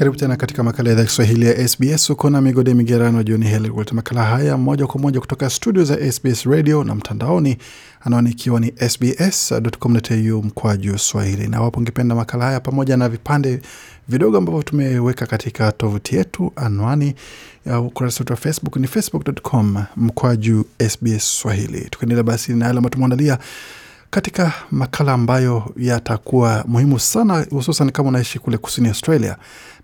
Karibu tena katika makala ya idhaa Kiswahili ya SBS. Uko na migode migerano jioni heli kuleta makala haya moja kwa moja kutoka studio za SBS radio na mtandaoni, ikiwa ni sbs.com.au juu swahili. Na wapo ngependa makala haya pamoja na vipande vidogo ambavyo tumeweka katika tovuti yetu, anwani ya ukurasa wetu wa Facebook ni facebook.com juu sbs swahili. Tukaendelea basi na yale ambayo tumeandalia katika makala ambayo yatakuwa muhimu sana, hususan kama unaishi kule kusini Australia,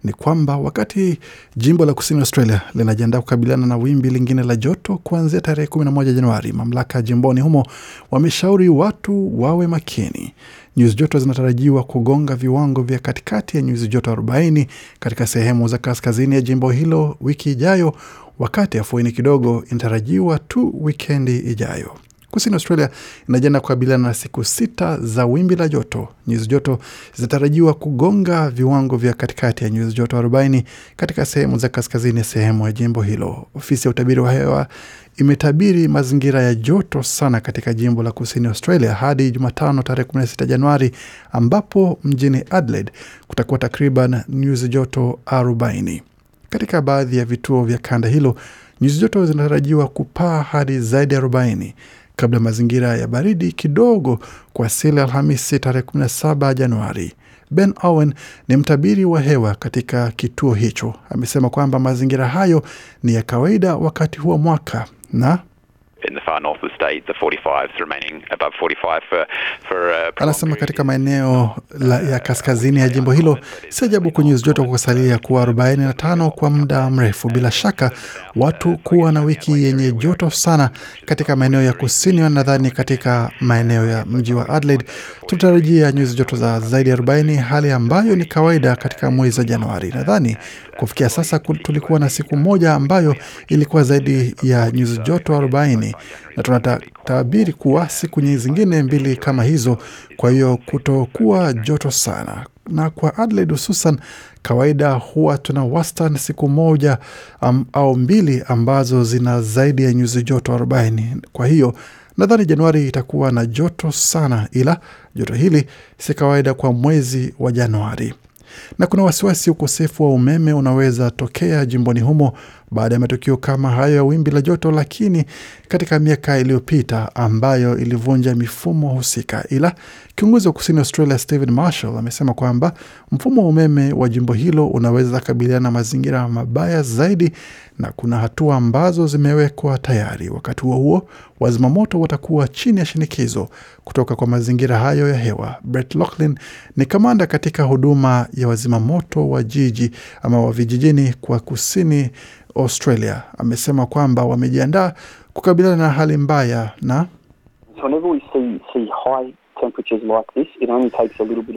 ni kwamba wakati jimbo la kusini Australia linajiandaa kukabiliana na wimbi lingine la joto kuanzia tarehe 11 Januari, mamlaka jimboni humo wameshauri watu wawe makini. Nyuzi joto zinatarajiwa kugonga viwango vya katikati ya nyuzi joto 40 katika sehemu za kaskazini ya jimbo hilo wiki ijayo, wakati afueni kidogo inatarajiwa tu wikendi ijayo. Kusini Australia inajenda kukabiliana na siku sita za wimbi la joto. Nyuzi joto zinatarajiwa kugonga viwango vya katikati ya nyuzi joto 40 katika sehemu za kaskazini, sehemu ya jimbo hilo. Ofisi ya utabiri wa hewa imetabiri mazingira ya joto sana katika jimbo la kusini Australia hadi Jumatano tarehe 16 Januari, ambapo mjini Adelaide kutakuwa takriban nyuzi joto 40. Katika baadhi ya vituo vya kanda hilo nyuzi joto zinatarajiwa kupaa hadi zaidi ya 40 kabla mazingira ya baridi kidogo kwa asili Alhamisi tarehe 17 Januari. Ben Owen ni mtabiri wa hewa katika kituo hicho, amesema kwamba mazingira hayo ni ya kawaida wakati huo mwaka na in the far north of the state, the 45s remaining above 45 for, for uh, anasema katika maeneo la, ya kaskazini ya jimbo hilo si ajabu kwa joto kusalia kuwa 45 kwa muda mrefu. Bila shaka watu kuwa na wiki yenye joto sana katika maeneo ya kusini, wanadhani katika maeneo ya mji wa Adelaide tutarajia nyuzi joto za zaidi ya 40, hali ambayo ni kawaida katika mwezi wa Januari. Nadhani kufikia sasa tulikuwa na siku moja ambayo ilikuwa zaidi ya nyuzi joto 40 na tunataabiri kuwa siku zingine mbili kama hizo, kwa hiyo kutokuwa joto sana. Na kwa Adelaide hususan, kawaida huwa tuna wastan siku moja um, au mbili ambazo zina zaidi ya nyuzi joto 40. Kwa hiyo nadhani Januari itakuwa na joto sana, ila joto hili si kawaida kwa mwezi wa Januari na kuna wasiwasi ukosefu wa umeme unaweza tokea jimboni humo baada ya matukio kama hayo ya wimbi la joto, lakini katika miaka iliyopita ambayo ilivunja mifumo husika. Ila kiongozi wa kusini Australia Stephen Marshall amesema kwamba mfumo wa umeme wa jimbo hilo unaweza kabiliana na mazingira mabaya zaidi na kuna hatua ambazo zimewekwa tayari. Wakati huo huo, wazimamoto watakuwa chini ya shinikizo kutoka kwa mazingira hayo ya hewa. Brett Locklin ni kamanda katika huduma ya wazimamoto wa jiji ama wa vijijini kwa kusini Australia amesema kwamba wamejiandaa kukabiliana na hali mbaya na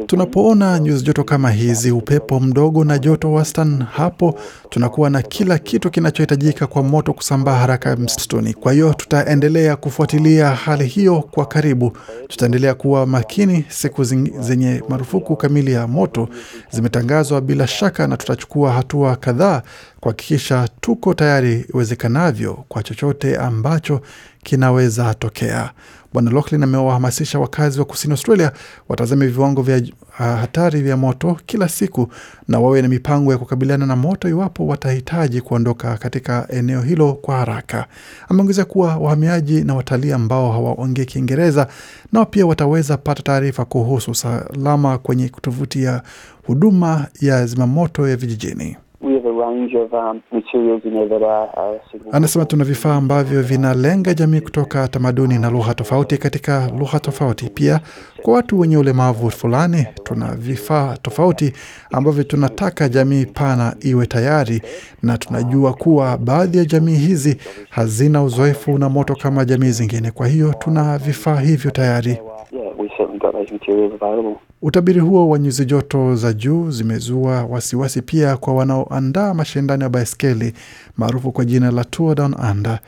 tunapoona nyuzi joto kama hizi, upepo mdogo na joto wastani, hapo tunakuwa na kila kitu kinachohitajika kwa moto kusambaa haraka msituni. Kwa hiyo tutaendelea kufuatilia hali hiyo kwa karibu. Tutaendelea kuwa makini. Siku zenye marufuku kamili ya moto zimetangazwa bila shaka, na tutachukua hatua kadhaa kuhakikisha tuko tayari iwezekanavyo kwa chochote ambacho kinaweza tokea. Bwana Loughlin amewahamasisha wakazi wa kusini Australia watazame viwango vya ah, hatari vya moto kila siku na wawe na mipango ya kukabiliana na moto iwapo watahitaji kuondoka katika eneo hilo kwa haraka. Ameongeza kuwa wahamiaji na watalii ambao hawaongei Kiingereza nao pia wataweza pata taarifa kuhusu usalama kwenye tovuti ya huduma ya zimamoto ya vijijini. Um, anasema tuna vifaa ambavyo vinalenga jamii kutoka tamaduni na lugha tofauti katika lugha tofauti. Pia kwa watu wenye ulemavu fulani, tuna vifaa tofauti ambavyo tunataka jamii pana iwe tayari, na tunajua kuwa baadhi ya jamii hizi hazina uzoefu na moto kama jamii zingine. Kwa hiyo tuna vifaa hivyo tayari. Utabiri huo wa nyuzi joto za juu zimezua wasiwasi wasi pia kwa wanaoandaa mashindano ya baiskeli maarufu kwa jina la Tour Down Under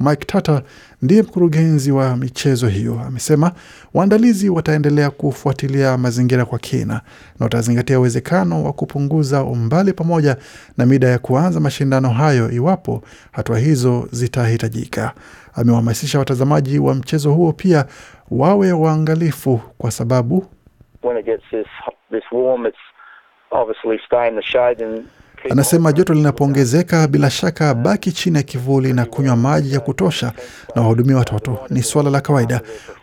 Mike Tata ndiye mkurugenzi wa michezo hiyo, amesema waandalizi wataendelea kufuatilia mazingira kwa kina na watazingatia uwezekano wa kupunguza umbali pamoja na mida ya kuanza mashindano hayo iwapo hatua hizo zitahitajika. Amewahamasisha watazamaji wa mchezo huo pia wawe waangalifu kwa sababu When it gets this, this warm, it's Anasema joto linapoongezeka, bila shaka baki chini ya kivuli na kunywa maji ya kutosha na wahudumia watoto ni suala la kawaida.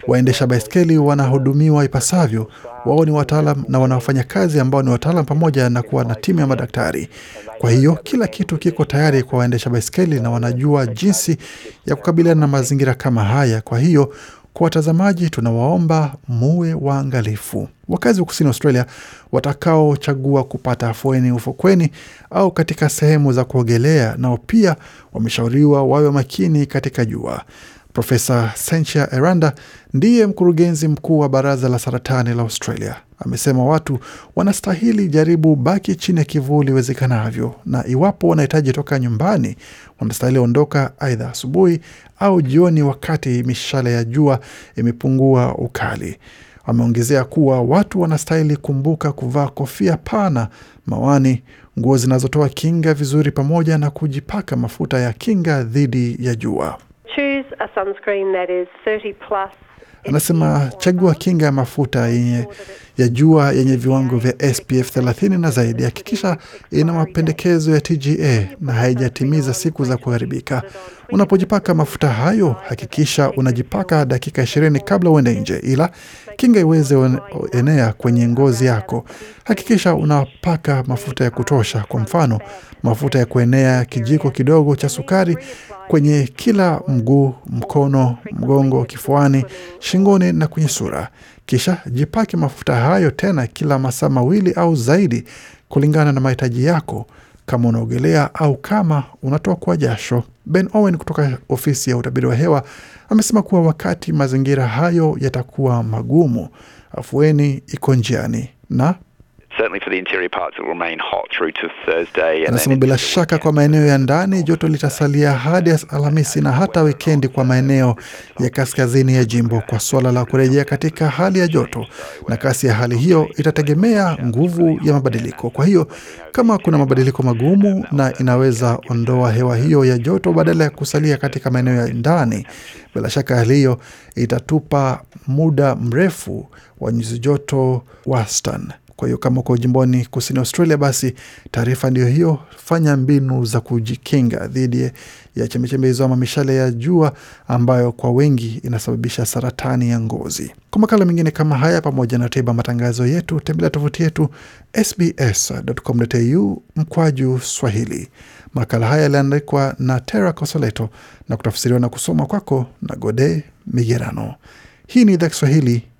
Waendesha baiskeli wanahudumiwa ipasavyo, wao ni wataalam na wanaofanya kazi ambao ni wataalam, pamoja na kuwa na timu ya madaktari. Kwa hiyo kila kitu kiko tayari kwa waendesha baiskeli na wanajua jinsi ya kukabiliana na mazingira kama haya. Kwa hiyo kwa watazamaji, tunawaomba muwe waangalifu. Wakazi wa kusini Australia watakaochagua kupata afueni ufukweni au katika sehemu za kuogelea, nao pia wameshauriwa wawe makini katika jua. Profesa Senchia Eranda ndiye mkurugenzi mkuu wa baraza la saratani la Australia. Amesema watu wanastahili jaribu baki chini ya kivuli iwezekanavyo, na iwapo wanahitaji toka nyumbani, wanastahili ondoka aidha asubuhi au jioni, wakati mishale ya jua imepungua ukali. Ameongezea kuwa watu wanastahili kumbuka kuvaa kofia pana, mawani, nguo zinazotoa kinga vizuri, pamoja na kujipaka mafuta ya kinga dhidi ya jua. choose a sunscreen that is 30 plus Anasema chagua kinga ya mafuta yenye ya jua yenye viwango vya SPF 30 na zaidi. Hakikisha ina mapendekezo ya TGA na haijatimiza siku za kuharibika. Unapojipaka mafuta hayo, hakikisha unajipaka dakika ishirini kabla uende nje, ila kinga iweze enea kwenye ngozi yako. Hakikisha unapaka mafuta ya kutosha, kwa mfano mafuta ya kuenea kijiko kidogo cha sukari kwenye kila mguu, mkono, mgongo, kifuani, shingo shingoni na kwenye sura. Kisha jipake mafuta hayo tena kila masaa mawili au zaidi, kulingana na mahitaji yako, kama unaogelea au kama unatokwa jasho. Ben Owen kutoka ofisi ya utabiri wa hewa amesema kuwa wakati mazingira hayo yatakuwa magumu, afueni iko njiani na Anasema bila shaka kwa maeneo ya ndani joto litasalia hadi Alhamisi na hata wikendi kwa maeneo ya kaskazini ya jimbo. Kwa suala la kurejea katika hali ya joto na kasi ya hali hiyo, itategemea nguvu ya mabadiliko. Kwa hiyo kama kuna mabadiliko magumu, na inaweza ondoa hewa hiyo ya joto badala ya kusalia katika maeneo ya ndani, bila shaka hali hiyo itatupa muda mrefu wa nyuzi joto wastani. Kwa hiyo kama uko jimboni kusini Australia, basi taarifa ndiyo hiyo, fanya mbinu za kujikinga dhidi ya chembechembe hizo ama mishale ya jua ambayo kwa wengi inasababisha saratani ya ngozi. Kwa makala mengine kama haya pamoja na tiba matangazo yetu, tembelea tovuti yetu sbs.com.au mkwaju Swahili. Makala haya yaliandikwa na Tera Kosoleto na kutafsiriwa na kusoma kwako na Gode Migerano. Hii ni idhaa Kiswahili